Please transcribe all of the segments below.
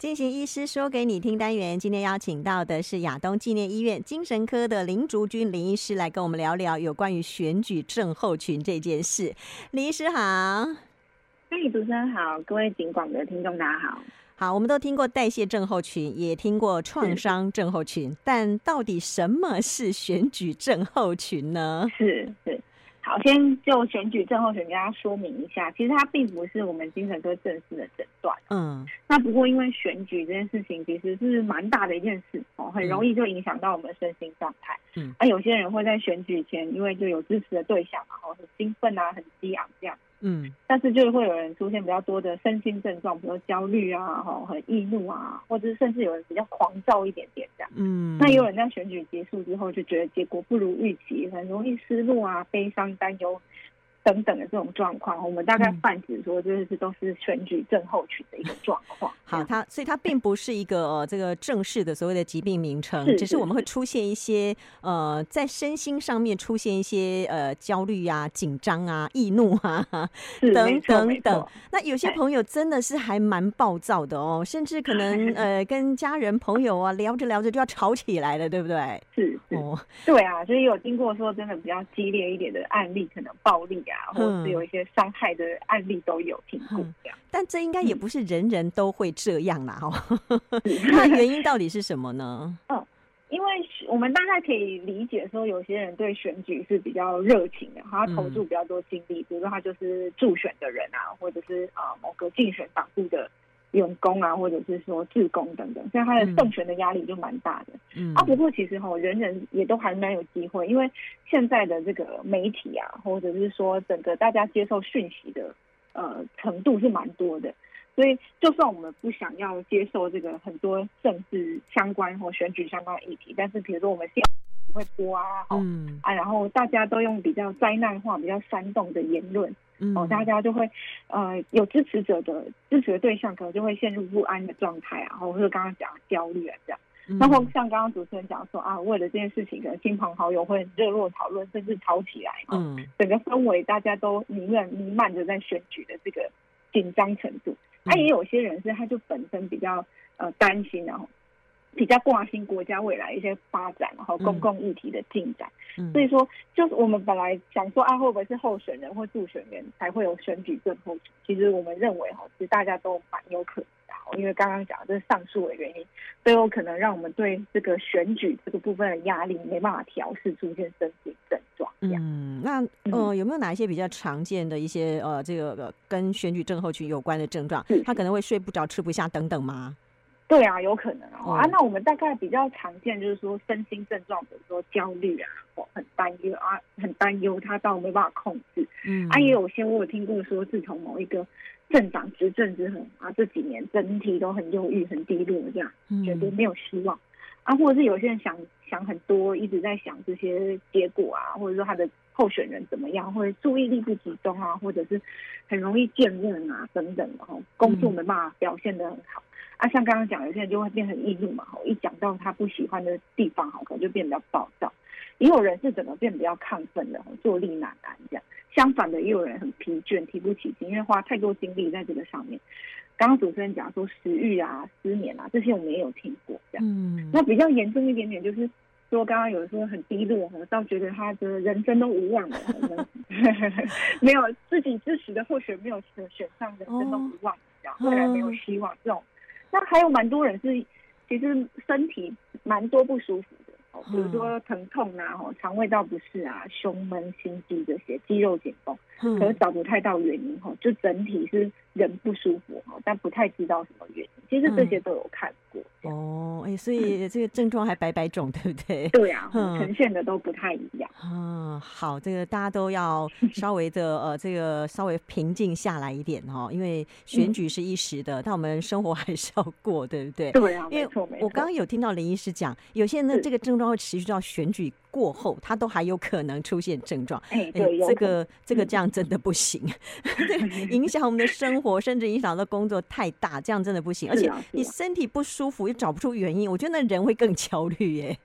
進行醫師說給你聽單元，今天邀請到的是亞東紀念醫院精神科的林竺君林醫師來跟我們聊聊有關於選舉症候群這件事。林醫師好。哎，主持人好，各位警廣的聽眾大家好。好，我們都聽過代謝症候群，也聽過創傷症候群，是但到底什麼是選舉症候群呢？是是。是好，先就選舉症候群跟大家說明一下，其實它並不是我們精神科正式的診斷喔。嗯，那不過因為選舉這件事情其實是蠻大的一件事哦，很容易就影響到我們的身心狀態。嗯，而有些人會在選舉前，因為就有支持的對象，然後很興奮啊，很激昂這樣。嗯，但是就是會有人出現比較多的身心症狀，比如說焦慮啊、吼很易怒啊，或者甚至有人比較狂躁一點點這樣。嗯，那也有人在選舉結束之後就覺得結果不如預期，很容易失落啊、悲傷、擔憂。等等的這種狀況，我們大概泛指說，就是都是選舉症候群的一個狀況，嗯。好，它所以它並不是一個、呃、這個正式的所謂的疾病名稱，是是是只是我們會出現一些呃，在身心上面出現一些呃焦慮啊、緊張啊、易怒啊等是等等。那有些朋友真的是還蠻暴躁的哦，哎、甚至可能呃跟家人朋友啊聊着聊着就要吵起來了，對不對？是，是哦，對啊，所以有經過說真的比較激烈一點的案例，可能暴力。或者是有一些傷害的案例都有評估。嗯、估但這應該也不是人人都會這樣啦哦。嗯、 那原因到底是什麼呢？嗯，因為我們大概可以理解說，有些人對選舉是比較熱情的，他投注比較多精力，嗯、比如說他就是助選的人啊，或者是啊某個競選黨部的。用工啊，或者是說志工等等，所以他的政權的壓力就蠻大的。嗯，嗯啊，不過其實哈、哦，人人也都還蠻有機會，因為現在的這個媒體啊，或者是說整個大家接受訊息的呃程度是蠻多的，所以就算我們不想要接受這個很多政治相關或選舉相關的議題，但是比如說我們新聞不會播啊，嗯啊，然後大家都用比較災難化、比較煽動的言論。哦，嗯、大家就會，呃，有支持者的支持的對象，可能就會陷入不安的狀態啊，或者剛剛講焦慮、啊、這樣。嗯、然後像剛剛主持人講說啊，為了這件事情，可能親朋好友會熱絡討論，甚至吵起來、哦、嗯。整個氛圍大家都彌漫，漫着在選舉的這個緊張程度。他、啊、也有些人是他就本身比較呃擔心然、啊、後。比較掛心國家未來一些發展，然後公共議題的進展，嗯嗯、所以說，就是我們本來想說啊，會不會是候選人或助選人才會有選舉症候群？其實我們認為哈，其實大家都蠻有可能的。因為剛剛講的這上述的原因，都有可能讓我們對這個選舉這個部分的壓力沒辦法調適，出現身體症狀。嗯，那呃，有沒有哪一些比較常見的一些呃，這個、呃、跟選舉症候群有關的症狀？他可能會睡不着、吃不下等等嗎？對啊，有可能，哦，哇啊。那我們大概比較常見，就是說身心症狀，比如說焦慮啊，或很擔憂啊，很擔憂他倒沒辦法控制。嗯哼，啊，也有些我有聽過說，自從某一個政黨執政之後啊，這幾年整體都很憂鬱、很低落，這樣覺得沒有希望。嗯，啊，或者是有些人想想很多，一直在想這些結果啊，或者說他的候選人怎麼樣，或者注意力不集中啊，或者是很容易健忘啊等等，哦，工作沒辦法表現得很好。嗯啊，像剛剛講的，現在就會變成易怒嘛，吼，一講到他不喜歡的地方，好，可能就變得比較暴躁；也有人是整個變得比較亢奮的，坐立難安這樣。相反的，也有人很疲倦，提不起勁，因為花太多精力在這個上面。剛剛主持人講說食欲啊、失眠啊，這些我沒有聽過這樣。嗯。那比較嚴重一點點，就是說剛剛有人說很低落，吼，倒覺得他的人生都無望了， 沒有自己支持的或許沒有選上的人生都無望了，然後、哦、未來沒有希望這種。那還有蠻多人是，其實身體蠻多不舒服的，哦，比如說疼痛啊，腸胃道不適啊，胸悶、心悸這些，肌肉緊繃，可能找不太到原因，吼，就整體是人不舒服，吼，但不太知道什麼原因。其實這些都有看過。哦。哎，所以這個症狀還百百種，對不對？對呀，呈現的都不太一樣。嗯，好，這個大家都要稍微的呃，這個稍微平靜下來一點哈，因為選舉是一時的，但我們生活還是要過，對不對？對呀，因為我剛剛有聽到林醫師講，有些人的這個症狀會持續到選舉過後，他都還有可能出現症狀。哎，這個這個這樣真的不行，影響我們的生活，甚至影響到工作太大，這樣真的不行。而且你身體不舒服又找不出原。我覺得那人會更焦慮耶，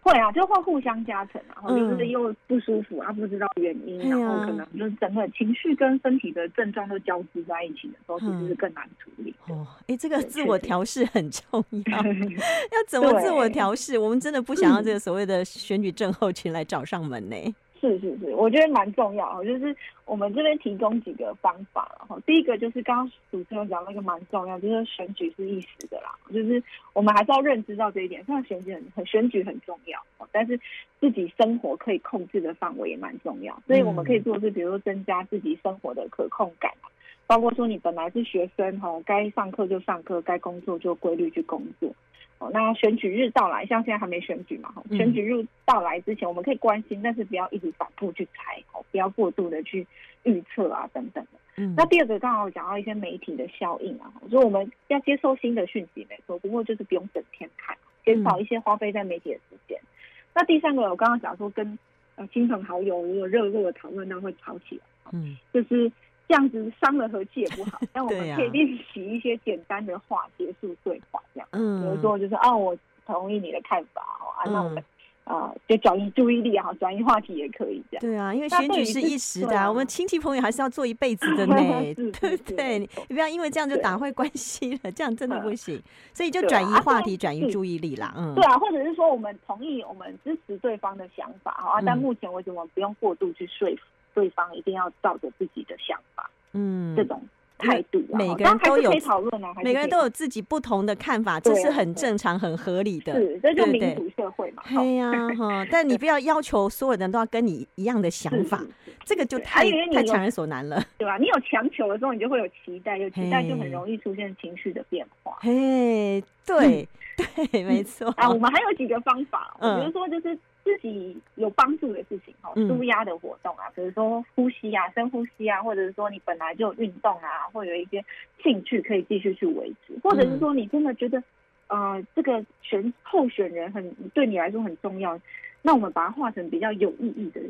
會啊，就會互相加成，然後你是不是又不舒服，嗯、啊，不知道原因，然後可能就是整個情緒跟身體的症狀都交織在一起的時候，嗯，是不是更難處理。哦，哎，欸，這個自我調適很重要，對 要怎麼自我調適？對我們真的不想要這個所謂的選舉症候群來找上門呢，欸。嗯是是是，我覺得蠻重要哦。就是我們這邊提供幾個方法，然後第一個就是剛剛主持人講那個蠻重要，就是選舉是一時的啦，就是我們還是要認知到這一點。像選舉很很選舉很重要，但是自己生活可以控制的範圍也蠻重要，所以我們可以做是，比如說增加自己生活的可控感，包括說你本來是學生哦，該上課就上課，該工作就規律去工作。那選舉日到來，像現在還沒選舉嘛，嗯、選舉日到來之前，我們可以關心，但是不要一直反覆去猜哦，不要過度的去預測啊等等的。嗯、那第二個，剛好講到一些媒體的效應啊，所以我們要接收新的訊息沒錯，不過就是不用整天看，減少一些花費在媒體的時間。嗯、那第三個，我剛剛講說跟呃親朋好友如果熱熱的討論、啊，那會吵起來，嗯，就是。這樣子傷了和氣也不好，那我們可以練習一些簡單的話結束對話，這樣，比如說就是哦，我同意你的看法，好，那我們啊，就轉移注意力也好，轉移話題也可以，這樣。對啊，因為選舉是一時的，我們親戚朋友還是要做一輩子的呢，對不對？你不要因為這樣就打壞關係了，這樣真的不行。所以就轉移話題，轉移注意力啦，嗯。對啊，或者是說我們同意，我們支持對方的想法，好啊，但目前為止我們不用過度去說服對方一定要照着自己的想法，嗯，這種態度啊，每個人都有討論，每個人都有自己不同的看法，這是很正常、很合理的，是這就民主社會嘛。對呀，哈，但你不要要求所有人都要跟你一樣的想法，這個就太太強人所難了，對吧？你有強求的時候，你就會有期待，有期待就很容易出現情緒的變化。嘿，對對，沒錯啊。我們還有幾個方法，比如說就是。自己有幫助的事情，哈，舒壓的活動啊，嗯、比如說呼吸啊，深呼吸啊，或者是說你本來就運動啊，或有一些興趣可以繼續去維持，或者是說你真的覺得，呃，這個選候選人很，對你來說很重要，那我們把它化成比較有意義的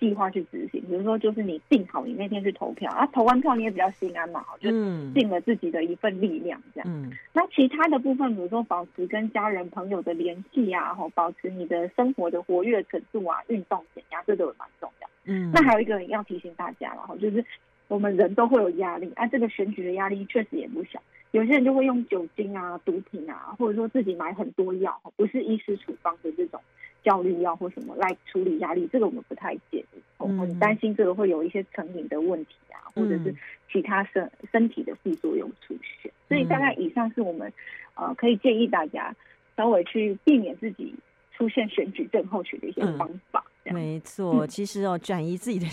計劃去執行，比如說就是你定好你那天去投票，啊、投完票你也比較心安嘛，就盡了自己的一份力量這樣。嗯嗯、那其他的部分，比如說保持跟家人朋友的聯繫呀，哈，保持你的生活的活躍程度啊，運動減壓，這都、個、蠻重要嗯。那還有一個要提醒大家了哈，就是我們人都會有壓力，哎、啊，這個選舉的壓力確實也不小。有些人就會用酒精啊、毒品啊，或者說自己買很多藥，不是醫師處方的這種。焦慮藥，藥或什麼來處理壓力，這個我們不太建議，我們、嗯哦、擔心這個會有一些成癮的問題啊，或者是其他身、嗯、身體的副作用出現。所以大概以上是我們呃可以建議大家稍微去避免自己出現選舉症候群的一些方法。嗯沒錯，其實哦，轉移自己的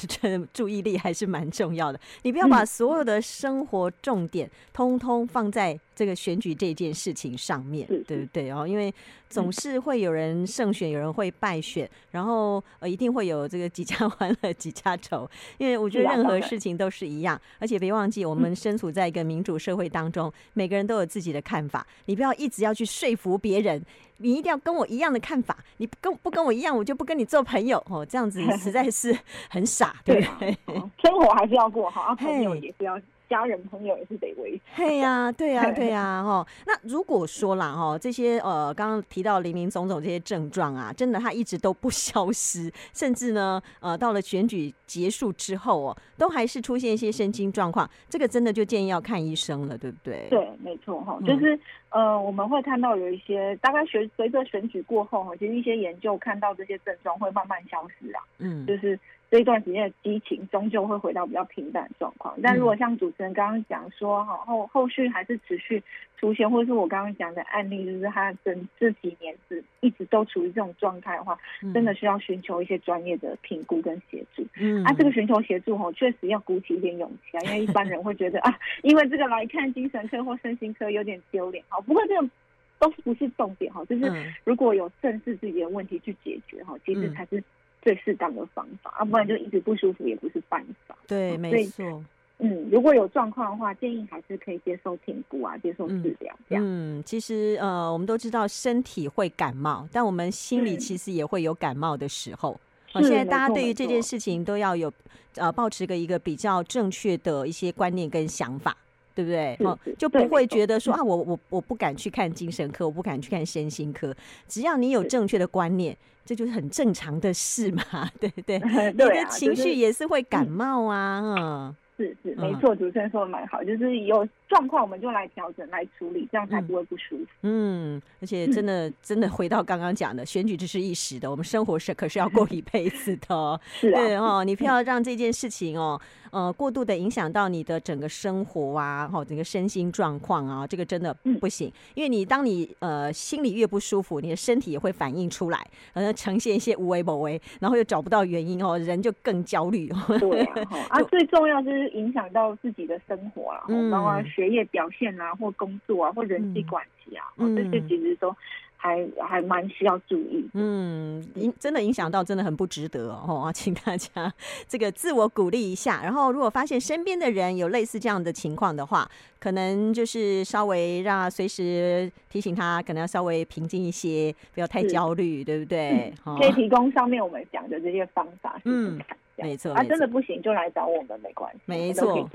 注注意力還是蠻重要的。你不要把所有的生活重點，嗯，通通放在這個選舉這件事情上面，對不對？哦，因為總是會有人勝選，有人會敗選，然後呃，一定會有這個幾家歡樂，幾家愁。因為我覺得任何事情都是一樣，而且別忘記，我們身處在一個民主社會當中，每個人都有自己的看法。你不要一直要去說服別人。你一定要跟我一樣的看法，你不跟不跟我一樣，我就不跟你做朋友哦。這樣子你實在是很傻，對，生活還是要過好啊，朋友也是要。家人朋友也是得維持。對呀、啊，對呀、啊啊，對呀，哈。那如果說啦，哈，這些呃，剛剛提到林林總總這些症狀啊，真的它一直都不消失，甚至呢，呃，到了選舉結束之後哦，都還是出現一些身心狀況。這個真的就建議要看醫生了，對不對？對，沒錯，哈，就是、嗯、呃，我們會看到有一些，大概隨隨着選舉過後哈，其實一些研究看到這些症狀會慢慢消失啊。嗯，就是。這一段時間的激情，終究會回到比較平淡的狀況。但如果像主持人剛剛講說，吼後後續還是持續出現，或者是我剛剛講的案例，就是他整這幾年是一直都處於這種狀態的話，嗯、真的需要尋求一些專業的評估跟協助。嗯，啊，這個尋求協助吼，確實要鼓起一點勇氣啊，因為一般人會覺得 啊，因為這個來看精神科或身心科有點丟臉。不過這個都不是重點哈，就是如果有正視自己的問題去解決哈，嗯、其實才是。最適當的方法，要、啊，不然就一直不舒服也不是辦法。對，沒錯。嗯，如果有狀況的話，建議還是可以接受評估啊，接受治療、嗯。嗯，其實呃，我們都知道身體會感冒，但我們心裡其實也會有感冒的時候。好是，現在大家對於這件事情都要有呃，保持個一個比較正確的一些觀念跟想法。對不對？對哦，就不會覺得說對啊，嗯、我我我不敢去看精神科，嗯、我不敢去看身心科。只要你有正確的觀念，嗯、這就是很正常的事嘛，對不對？你的情緒也是會感冒啊，嗯。嗯是是沒錯，主持人說得蠻好，嗯、就是有狀況我們就來調整、嗯、來處理，這樣才不會不舒服。嗯，而且真的真的回到剛剛講的，嗯、選舉只是一時的，我們生活是可是要過一輩子的。是、啊、對哦，你不要讓這件事情哦，嗯、呃，過度的影響到你的整個生活啊，哈，整個身心狀況啊，這個真的不行。嗯、因為你當你呃心裡越不舒服，你的身體也會反應出來，可能呈現一些無為不為，然後又找不到原因哦，人就更焦慮。對啊，、哦、 啊，最重要的是。影響到自己的生活啊，嗯、然後學業表現啊，或工作啊，或人際關係啊，嗯、這些其實都還還蠻需要注意。嗯，影真的影響到，真的很不值得哦。請大家這個自我鼓勵一下。然後，如果發現身邊的人有類似這樣的情況的話，可能就是稍微讓隨時提醒他，可能要稍微平靜一些，是不要太焦慮，對不對？嗯哦、可以提供上面我們講的這些方法。嗯。試試沒錯，沒錯啊，真的不行就來找我們，沒關係，沒錯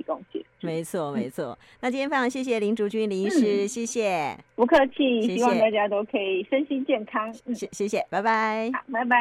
沒錯沒錯，那今天非常謝謝林竺君醫師。嗯、謝謝，不客氣，謝謝，希望大家都可以身心健康。謝謝，嗯、謝謝，拜拜，好，拜拜。